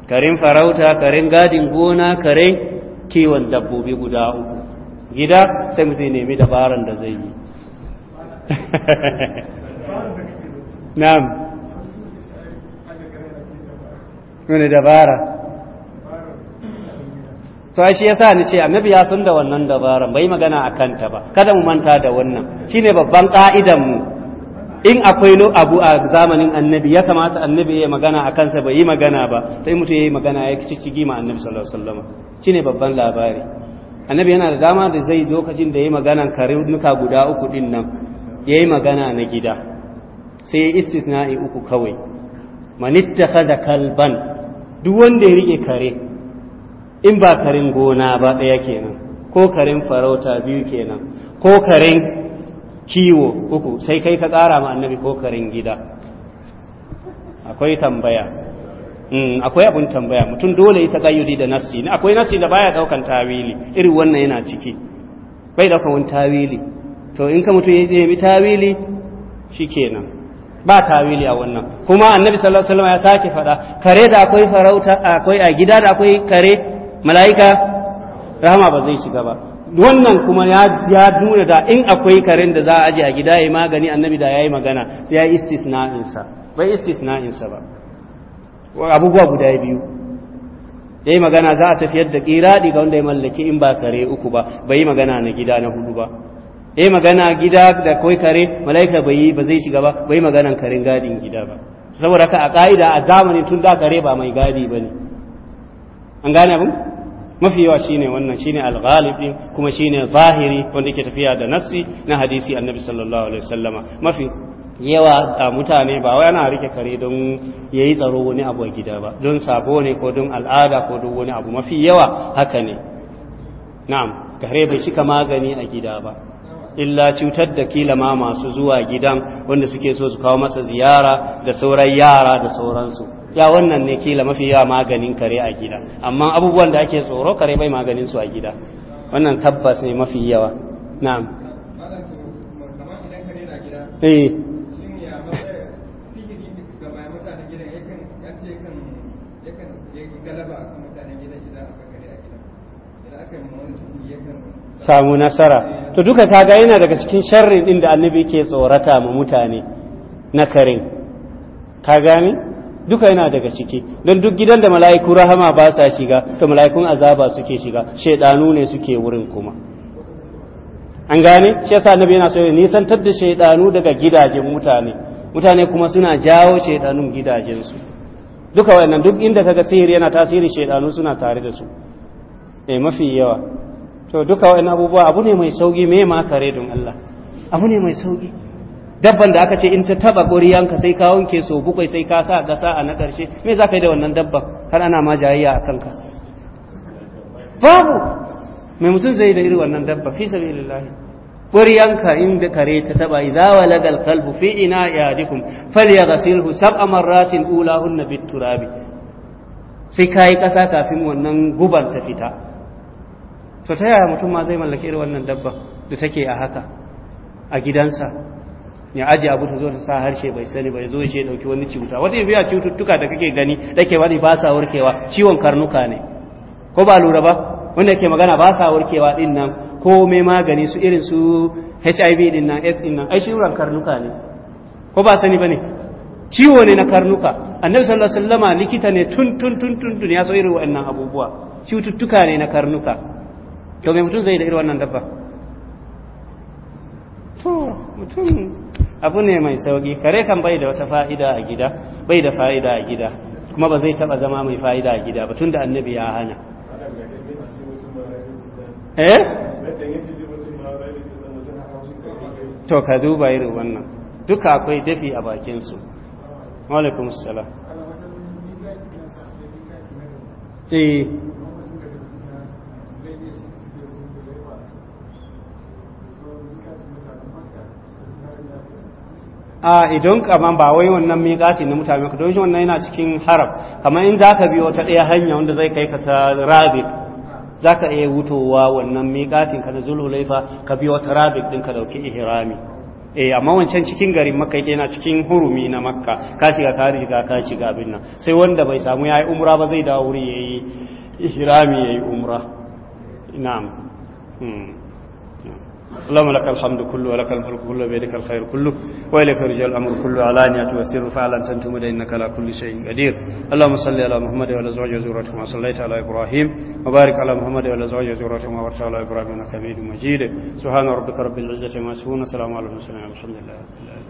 S1: karin farauta karin gadin gona karin kiwon dabbobi guda uku gida sai mutum nemi dabaran da zai yi na'am wani dabara to shi yasa ni ce annabi ya san da wannan dabaran bai magana a kanta ba kada mu manta da wannan shine babban ka'idan mu in akwai no abu a zamanin annabi ya kamata annabi ya magana a kansa bai yi magana ba sai mutum ya yi magana ya ciki ma annabi sallallahu alaihi wasallam shine babban labari annabi yana da dama da zai zo kacin da ya yi magana kare nuka guda uku din nan ya yi magana na gida sai ya yi uku kawai manittaka da kalban duk wanda ya rike kare in ba karin gona ba ɗaya kenan ko karin farauta biyu kenan ko karin kiwo uku sai kai ka ƙara ma annabi ko karin gida akwai tambaya mm, akwai abun tambaya mutum dole ita tagayyudi da nassi ne akwai nassi da baya daukan tawili irin wannan yana ciki bai daukan wani tawili to in ka mutum ya nemi tawili shikenan ba tawili a wannan kuma annabi sallallahu alaihi wasallam ya sake faɗa kare da akwai farauta akwai a gida da akwai kare mala'ika rahama ba zai shiga ba wannan kuma ya nuna da in akwai karen da za a aje a gida ya magani annabi da ya yi magana ya yi istisna'insa bai istisna'insa ba abubuwa guda biyu ya yi magana za a tafiyar da ƙiraɗi ga wanda ya mallaki in ba kare uku ba bai yi magana na gida na hudu ba ya yi magana gida da kawai kare mala'ika bai yi ba zai shiga ba bai magana karen gadin gida ba saboda ka a ƙa'ida a zamanin tun da kare ba mai gadi ba ne an gane abin mafi yawa shine wannan shine al kuma shine zahiri wanda yake tafiya da nassi na hadisi annabi sallallahu alaihi wasallama mafi yawa a mutane ba wai ana rike kare don yayi tsaro wani abu a gida ba don sabo ne ko don al'ada ko don wani abu mafi yawa haka ne na'am kare bai shika magani a gida ba illa cutar da kila ma masu zuwa gidan wanda suke so su kawo masa ziyara da sauran yara da sauransu ya wannan ne kila mafi yawa maganin kare a gida amma abubuwan da ake tsoro kare bai maganin su a gida wannan tabbas ne mafi yawa na'am eh samu nasara to duka kaga yana daga cikin sharri din da annabi ke tsorata ma mutane na karin ka gane duka yana daga ciki don duk gidan da mala'iku rahama ba sa shiga to mala'ikun azaba suke shiga shaidanu ne suke wurin kuma an gane shi yasa annabi yana so ya nisantar da shaidanu daga gidajen mutane mutane kuma suna jawo shaidanun gidajensu duka wannan duk inda kaga sihiri yana tasiri shaidanu suna tare da su eh mafi yawa to duka wannan abubuwa abu ne mai sauki me ma kare don Allah abu ne mai sauki dabban da aka ce in ta taba ƙuriyanka sai ka wanke so bukwai sai ka sa gasa a na ƙarshe me za ka yi da wannan dabban har ana ma jayayya a kanka babu mai mutum zai da irin wannan dabba fi sabilillahi in da kare ta taba idza walaga alqalbu fi ina yadikum falyaghsilhu sab'a marratin ulahunna rabi sai yi ƙasa kafin wannan guban ta fita to ta yaya mutum ma zai mallaki irin wannan dabba da take a haka a gidansa ya aji abu ta zo ta sa harshe bai sani bai zo ya dauki wani cuta wata biya cututtuka da kake gani dake wani ba sa warkewa ciwon karnuka ne ko ba lura ba wanda yake magana ba sa warkewa din nan ko mai magani su irin su HIV din nan AIDS din nan ai ciwon karnuka ne ko ba sani bane ciwo ne na karnuka annabi sallallahu alaihi wasallam likita ne tun tun tun tun tun ya so irin wannan abubuwa cututtuka ne na karnuka to mai mutum zai da irin wannan dabba to mutum abu ne mai sauki kare kan bai da wata fa'ida a gida bai da fa'ida a gida kuma ba zai taba zama mai fa'ida a gida ba tun da annabi ya hana eh to ka duba irin wannan duka akwai dafi a su alaikum eh a idan kama ba wai wannan miƙati na mutane ka don wannan yana cikin harab kamar in za ka biyo ta ɗaya hanya wanda zai kai ka ta rabik za ka iya wutowa wannan miƙatin ka na laifa ka biyo ta rabik ɗin ka ɗauki ihrami eh amma wancan cikin garin makka yana cikin hurumi na makka ka shiga ka riga ka shiga abin nan sai wanda bai samu ya yi umra ba zai dawo wuri ya ya ihrami yayi umra na'am hmm. اللهم لك الحمد كله ولك الملك كله بيدك الخير كله وإليك رجع الأمر كله على أن علانية وسر فعلا تنتم إنك على كل شيء قدير اللهم صل على محمد وعلى أزواج وزوجته ما صليت على إبراهيم وبارك على محمد وعلى أزواج وزوجته ما باركت على إبراهيم إنك حميد مجيد سبحان ربك رب العزة ما يصفون سلام على المرسلين الحمد لله